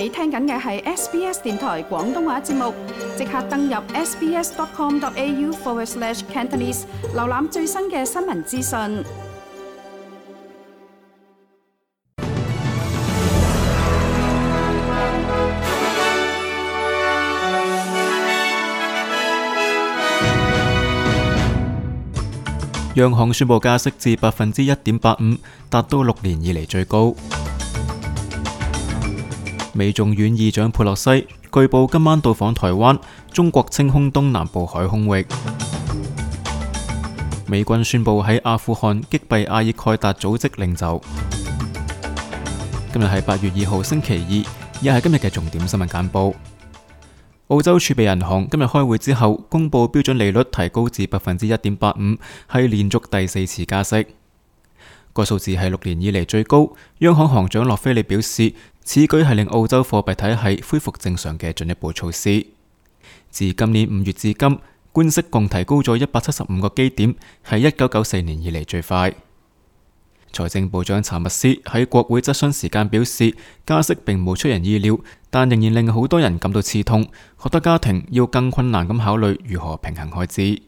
你聽緊嘅係 SBS 電台廣東話節目，即刻登入 sbs.com.au/cantonese 瀏覽最新嘅新聞資訊。央行宣布加息至百分之一點八五，達到六年以嚟最高。美眾院議長佩洛西，據報今晚到訪台灣，中國清空東南部海空域。美軍宣佈喺阿富汗擊斃阿爾蓋達組織領袖。今日係八月二號星期二，亦係今日嘅重點新聞簡報。澳洲儲備銀行今日開會之後公佈標準利率提高至百分之一點八五，係連續第四次加息。個數字係六年以嚟最高。央行行長洛菲利表示。此舉係令澳洲貨幣體系恢復正常嘅進一步措施。自今年五月至今，官息共提高咗一百七十五個基點，係一九九四年以嚟最快。財政部長查密斯喺國會質詢時間表示，加息並無出人意料，但仍然令好多人感到刺痛，覺得家庭要更困難咁考慮如何平衡開支。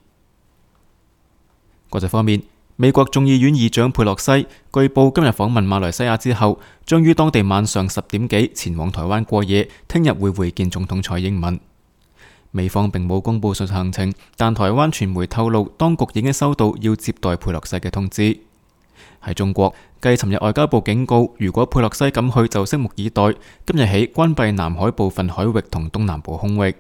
國際方面。美國眾議院議長佩洛西據報今日訪問馬來西亞之後，將於當地晚上十點幾前往台灣過夜，聽日會會見總統蔡英文。美方並冇公布信行程，但台灣傳媒透露，當局已經收到要接待佩洛西嘅通知。喺中國，繼尋日外交部警告，如果佩洛西敢去，就拭目以待。今日起關閉南海部分海域同東南部空域。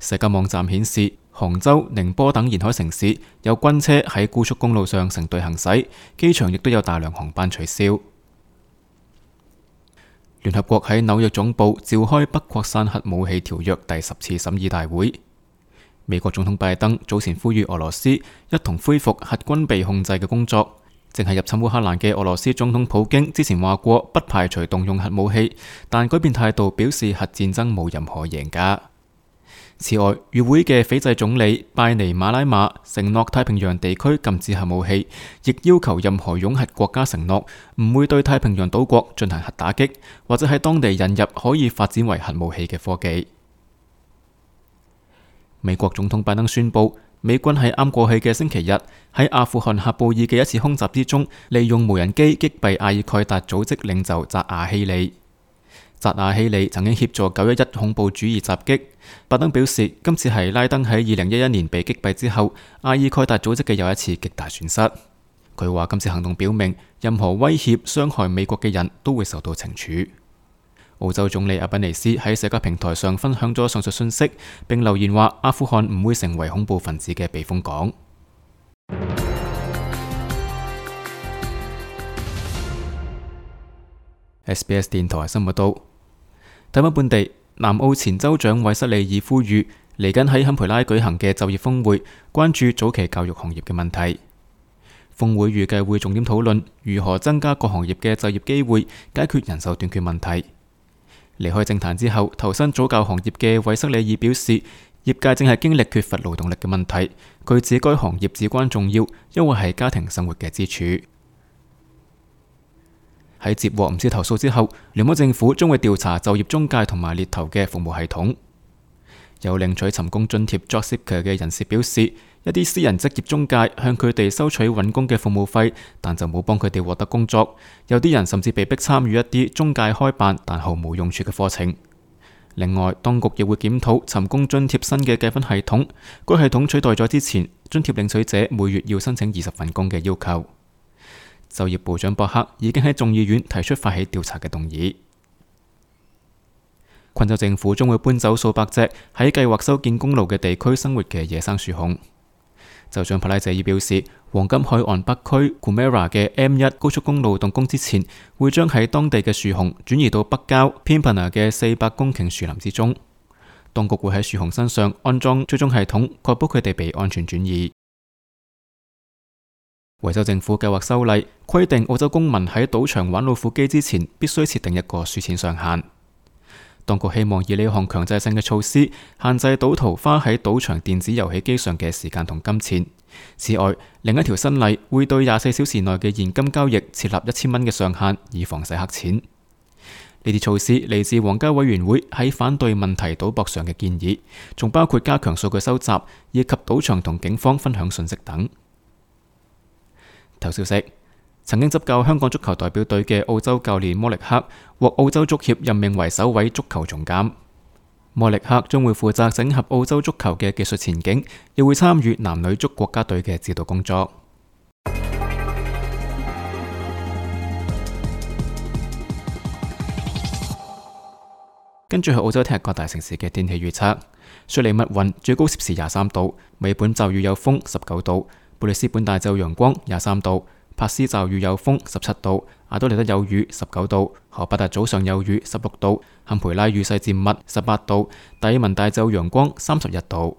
社交網站顯示。杭州、寧波等沿海城市有軍車喺高速公路上成隊行駛，機場亦都有大量航班取消。聯合國喺紐約總部召開《不擴散核武器條約》第十次審議大會。美國總統拜登早前呼籲俄羅斯一同恢復核軍備控制嘅工作。淨係入侵烏克蘭嘅俄羅斯總統普京之前話過，不排除動用核武器，但改變態度表示核戰爭冇任何贏家。此外，與會嘅斐濟總理拜尼馬拉馬承諾太平洋地區禁止核武器，亦要求任何擁核國家承諾唔會對太平洋島國進行核打擊，或者喺當地引入可以發展為核武器嘅科技。美國總統拜登宣布，美軍喺啱過去嘅星期日喺阿富汗喀布爾嘅一次空襲之中，利用無人機擊斃阿爾蓋達組織領袖扎瓦希里。薩亞希里曾經協助九一一恐怖主義襲擊。拜登表示，今次係拉登喺二零一一年被擊斃之後，阿爾蓋達組織嘅又一次極大損失。佢話今次行動表明，任何威脅傷害美國嘅人都會受到懲處。澳洲總理阿賓尼斯喺社交平台上分享咗上述信息，並留言話：阿富汗唔會成為恐怖分子嘅避風港。 SBS 電台《生活都》。睇返本地，南澳前州長韋塞里爾呼籲，嚟緊喺坎培拉舉行嘅就業峰會，關注早期教育行業嘅問題。峰會預計會重點討論如何增加各行業嘅就業機會，解決人手短缺問題。離開政壇之後，投身早教行業嘅韋塞里爾表示，業界正係經歷缺乏勞動力嘅問題。佢指該行業至關重要，因為係家庭生活嘅支柱。喺接獲唔少投訴之後，聯邦政府將會調查就業中介同埋獵頭嘅服務系統。有領取尋工津貼 JobSeeker 嘅人士表示，一啲私人職業中介向佢哋收取揾工嘅服務費，但就冇幫佢哋獲得工作。有啲人甚至被逼參與一啲中介開辦但毫無用處嘅課程。另外，當局亦會檢討尋工津貼新嘅計分系統。該、那個、系統取代咗之前津貼領取者每月要申請二十份工嘅要求。就業部長博克已經喺眾議院提出發起調查嘅動議。昆州政府將會搬走數百隻喺計劃修建公路嘅地區生活嘅野生樹熊。就像普拉謝爾表示，黃金海岸北區庫梅拉嘅 M1 高速公路動工之前，會將喺當地嘅樹熊轉移到北郊偏盤拿嘅四百公頃樹林之中。當局會喺樹熊身上安裝追蹤系統，確保佢哋被安全轉移。維州政府計劃修例，規定澳洲公民喺賭場玩老虎機之前，必須設定一個輸錢上限。當局希望以呢項強制性嘅措施，限制賭徒花喺賭場電子遊戲機上嘅時間同金錢。此外，另一條新例會對廿四小時內嘅現金交易設立一千蚊嘅上限，以防洗黑錢。呢啲措施嚟自皇家委員會喺反對問題賭博上嘅建議，仲包括加強數據收集，以及賭場同警方分享信息等。頭消息：曾經執教香港足球代表隊嘅澳洲教練摩力克獲澳洲足協任命為首位足球總監。摩力克將會負責整合澳洲足球嘅技術前景，又會參與男女足國家隊嘅指導工作。 跟住去澳洲聽日各大城市嘅天氣預測：雪梨密雲最高攝氏廿三度，美本驟雨有風十九度。布里斯本大晝陽光，廿三度；帕斯驟雨有風，十七度；阿多利德有雨，十九度；荷伯特早上有雨，十六度；堪培拉雨勢漸密，十八度；達爾文大晝陽光，三十一度。